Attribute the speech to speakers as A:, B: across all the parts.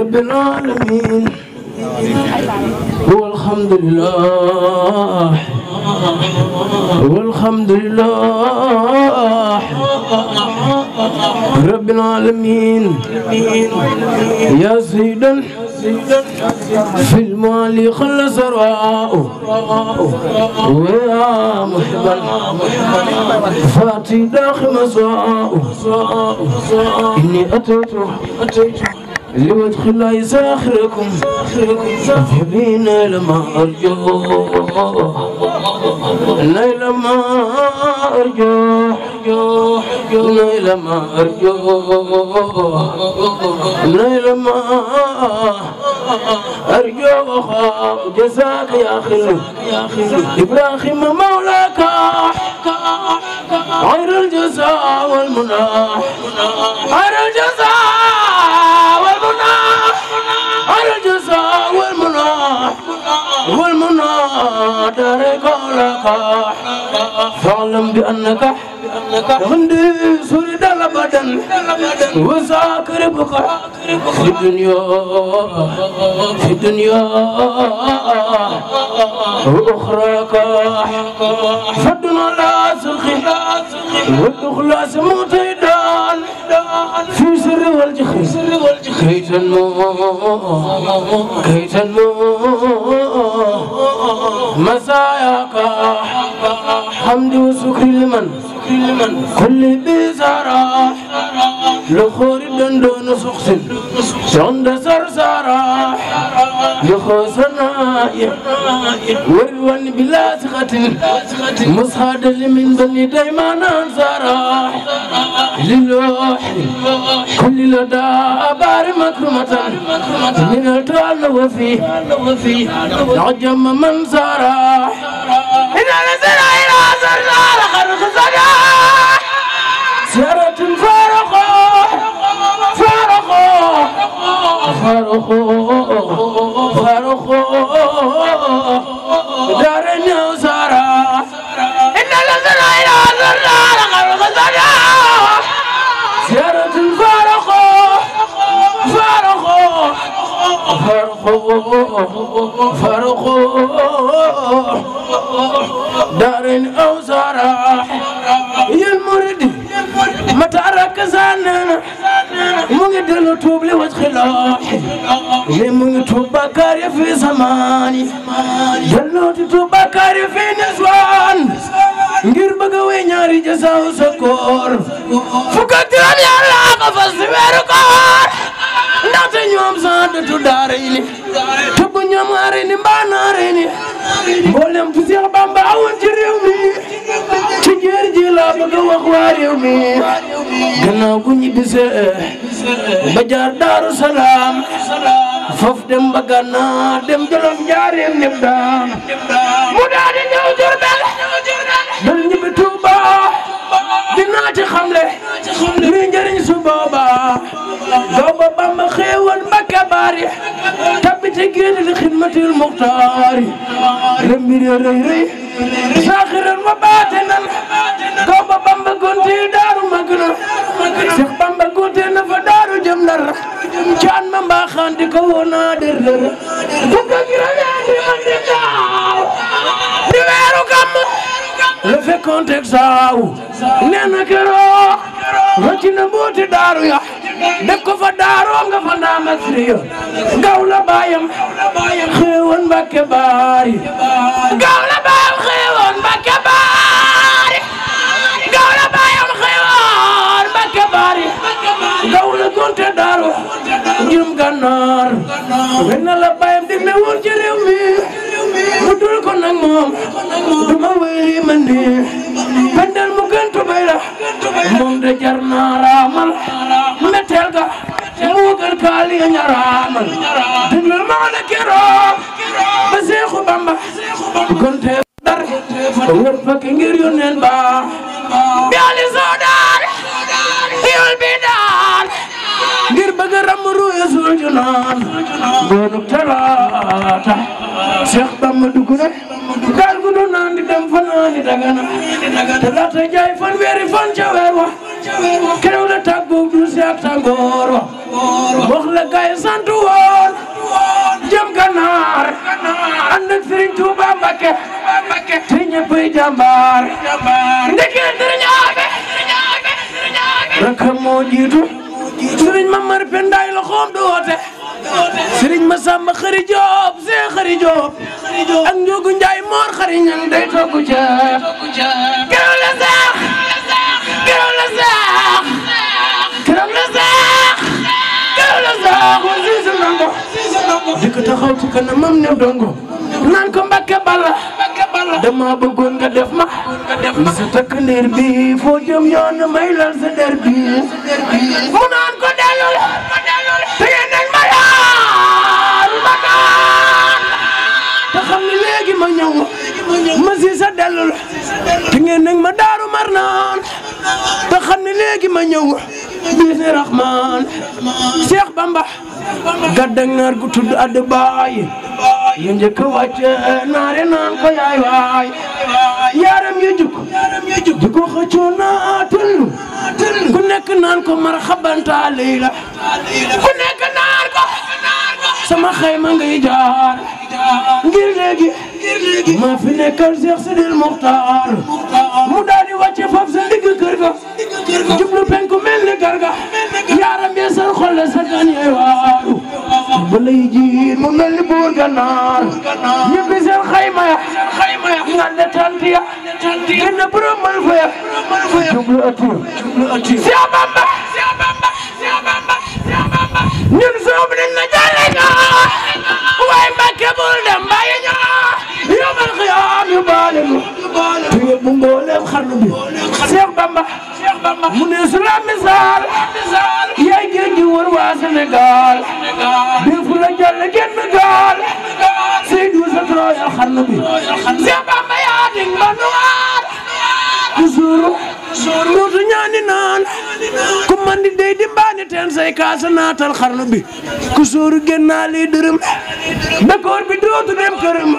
A: رب العالمين والحمد لله والحمد لله رب العالمين يا سيدا في المال خلص رواء ويا محبا فاتي داخل مسواء إني أتيت اللي وجه لا يسخركم تحبين لما أرجو الليلة ما أرجو الليلة ما أرجو الليلة ما أرجو جزاك يا أخي إبراهيم مولاك غير الجزاء والمناح والمنى دارك لك فاعلم بأنك عندي سرد البدن وذاكر بك في الدنيا في الدنيا وأخراك فدنا لا سخي والإخلاص موتي كي تنمو كي تنمو مساياك حمد لمن كل بزرع لخور دندون سخسن عند سرسرع ورون بلا ثقة مصحد من بني دايما انصارا للوح كل لدى أبار مكرمة من التوال وفي عجم من صارا إن على ngi tuub li wajhi laahi ne mu ngi tuub bakkaar yi fi zamaani jannooti tuub bakkaar yi fi niswaan ngir bëgg a wéy ñaari jasaaw sa koor fukk ak juróom yàlla ko si weeru koor ndaxte ñoom sant tu daara yi ni tëbb ñoom aare ni mbaa naare ni mboolem fu mi laa bëgg a wax waa réew mi gannaaw gu ba jaar daaru salaam dem ba gànnaar dem jolof njaareem ñëpp daam mu daal di ñëw Jurbel dal ñibbi Tuuba dinaa ci xamle luy Bamba xéewal Mbakke baari tabbi ci li xidmatil muxtaari rëmbiree rëy rëy saaxir ma baatinal kaw ba Bamba Kunti daaru ma gënal Cheikh Bamba Kunti na fa daaru jëm lar caan ma mbaaxaan di ko woo naa der lër bu ko giralee di ma di daaw di weeru gàmm le fait contexte aw nee na keroo rëcc na mbuuti daaru ya def ko fa daaroo nga fa naa masriya gaw la baayam xeewoon Mbàkke baari gaw la baayam xeewoon te daaru njum gànnaar wen na la bayam dig ne woon ci réew mi mu dul ko nag moom du ma wéy man ni pendel mu gëntu bay la moom de jar naa raamal metel ga mu gën kaali a ñaraamal diglal maa la keroog ba Seexu Bamba gonte dar wër fa ki ngir yónneen ba bi ali soodaa bëgg ram ruusul junaan góoru taraata Cheikh Bamba dugg rek gaal gu doon naan di dem fa naan di dagana jaay fan weeri fan ca weer wa kerew la tàggoog du si ak tàngoor wa wax la gaay sant woon jëm ganaar ànd ak Serigne Touba Mbacké te ñëppay jàmbaar ndeke Serigne Abe rakam moo jiitu sëriñ ma mari pendaay la xoom du woote sëriñ ma sàmba xëri see xëri ak njóogu njaay moor xëri ñan toogu jaar keroog la saax keroog la saax keroog la saax keroog la saax di ko taxaw ci kanamam ne dongo naan ko mbakke balla dama bëggoon nga def ma sa takk ndeer bi foo jëm yoon may lal sa ndeer bi mu naan ko dellul te yéen nañ ma yaal ma naan te xam ma ñëw ma si sa dellul te ngeen nañ ma daaru mar naan te xam ni léegi ma ñëw bisni rahman Cheikh Bamba gaddang naar gu tudd addu baay yu njëkk wàcc eh, naare naan ko yaay waay yaaram yu juk di ko xëccoo naa tëllu ku nekk naan ku nekk naan ko sama xayma ngay jaar ngir léegi maa fi nekkal Cheikh Sidil Muxtaar mu daal di wàcce foofu sa digg kër jublu penku mel ni garga yaaram yee seen xol la ba lay jiin mu mel ni buur ganaar ñibbi seen xayma ya ngande tanti ya ngande borom mal fa ya jublu atiir si abamba ñun soob nañ na jaale nga waaye mbàkke bul dem bàyyi nga yomal xiyaam yu baale mu tuyee bu mboole xarnu bi Cheikh Bamba mu ne su la misaal yaay géej gi wër waa Sénégal defu la jàll genn gaal Seydou sa trooyal xarnu bi Cheikh Bamba yaa dig ma nuwaar toujours muusu ñaani naa la ku man di dey di mbaani teen say kaasa naatal xarnu bi ku sóoru génnaa lii dërëm dakoor bi dootu dem këram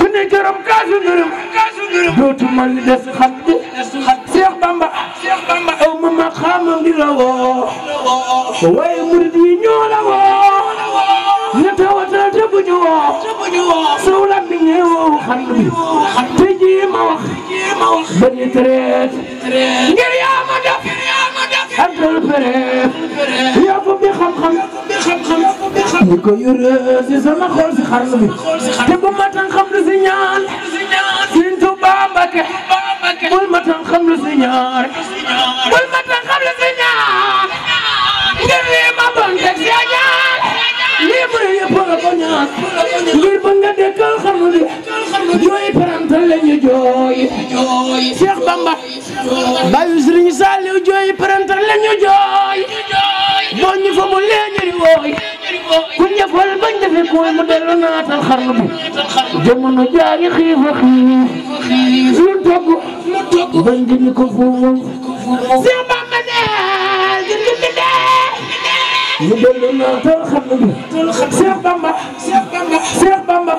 A: ku ne këram kaasu dërëm dootu man di des xat di Seex Bamba aw ma ma xaamam di la woo waaye murid yi ñoo la bu ñu woo suulam bi ñuy woo xand bi te jii ma wax ba ñu tereet ngir yaa ma def antal pereet yokku bi xam-xam ñi ko yore si sama xool si xarnu bi te bu ma tan xam lu si ñaan Sëriñ Tuubaa Mbàkke bul ma tan xam lu si ñaar booy ku ñëppal de defe koy mu dellu naatal xarnu bi jamono jaari xiif a xiif lu togg bañ di ni ko fuumam si bamba dee di di dee mu bi Seex Bamba Seex Bamba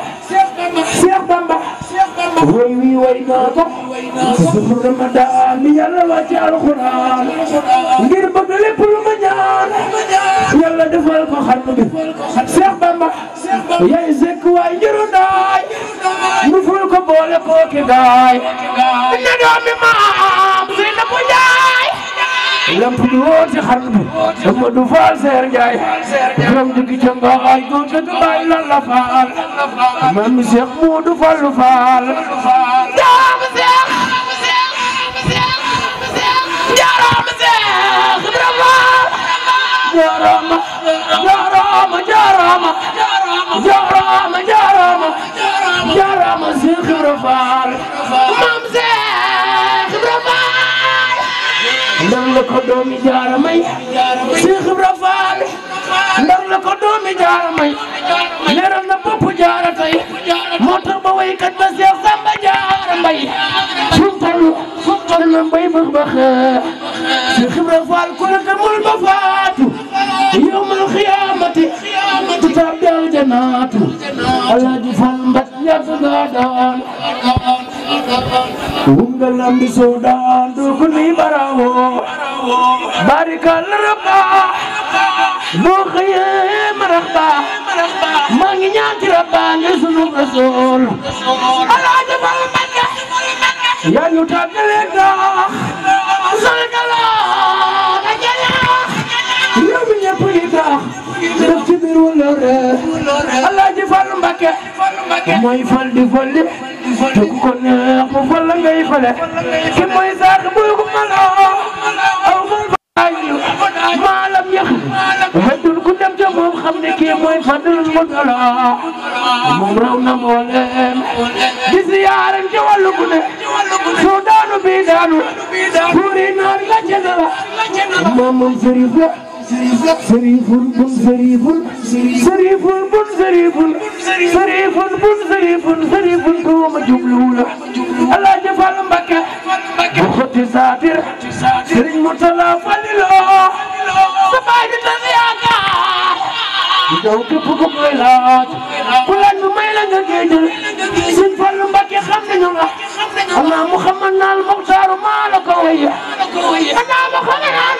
A: ويوي ويناتو سفر رمضان يلا واجي القران غير بغل بل ما جان يلا دفال كو خاتم بي شيخ بامبا يا زك واي جرو داي نفول كو بوله كو كي داي ندامي ما lamp di woote xarnu bi Amadou Fall Seer Njaay juróom jukki ca Ngaay góor dëgg baay lan la faal maam mi Seex Moodu Fallu Faal la a doomi jaara moo tax ba waykat ba Cheikh Samba Jaara Mbay fum tollu fum tollu na mbay ba ba Cheikh la demul ba faatu yawmal xiyaamati tutaab janaatu Alaaji Fall mbat ñaata nga wungalam bi sodan dukuni barawo barikal rabba boo xëyee ma rabba maa ngi ñaan ci rabba ngi sunu rasul alaaji fal mbàkke yaa ñu tàggale daax sargala la jala réew mi ñëpp yi daax def ci biir wala re alaaji fal mbàkke mooy fal di folli te ku ko neex mu fal la ngay fale ki mooy saak buy ku mën a aw mën fa ñu maalam yëx weddul ku dem ca moom xam ne kii mooy fadlul mu dala moom raw na mbooleem di siyaaran ca wàllu ku ne soo daanu bii daanu buuri naan la ca dala moom moom sëriñ شريف بن شريف شريف بن شريف شريف بن شريف شريف كوم جملولة الله جفال مكة بخت ساتر سرين مطلع فللو سبايد تنياكا daw képp ku koy laaj ku laaj bu may la nga géejal sin fallu mbakke xam nañu nga ana muhammad naal muxtaaru maa la ko waye ana muhammad naal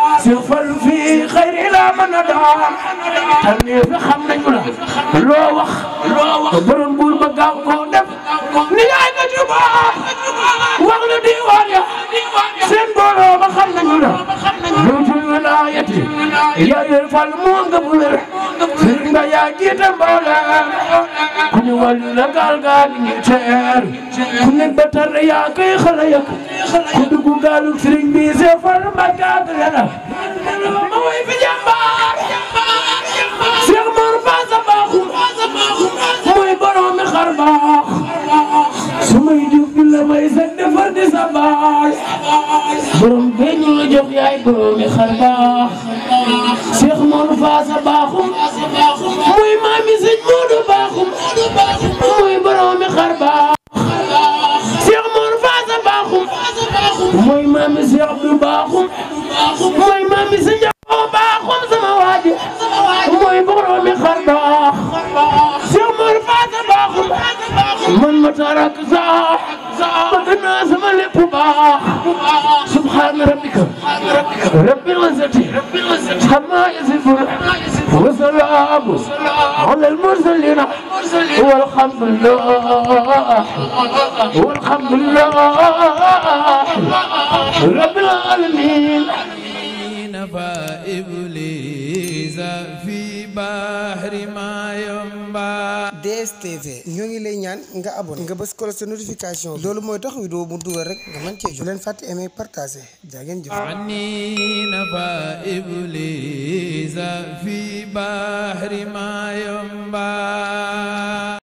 A: سفل في خير لا من دام تني خم نجلا روح روح بول بقاو كونف نياي نجوبا وغل ديوان يا سن بولو بخم نجلا نجل ولايتي يا يفل مونغ بولر سن بيا جيتم بولا كن والنقال قاد نتير كن بطر يا كي خلايك كن دقو قالو سرين بيزي فرم بقاد لنا borom benn la jox yaay boromi xar baax Cheikh Mor Fassa baaxum mooy maam si njaboo baaxum sama waaji mooy boroomi xar baax Cheikh Mor Fata baaxum man ma tarak saa bëgg naa sama lépp baax subhaana rabbika rabbil izzati ammaa yasifuun wa salaamun alal mursaliin walhamdulillah walhamdulillah rabbil aalamiin كفى إبليس في بحر ما ينبع DSTV ñoo ngi lay ñaan nga abonné nga bës ko sa notification loolu mooy tax vidéo bu dugal rek nga mën cee jot leen fàtte aimer partager jaa ngeen jëf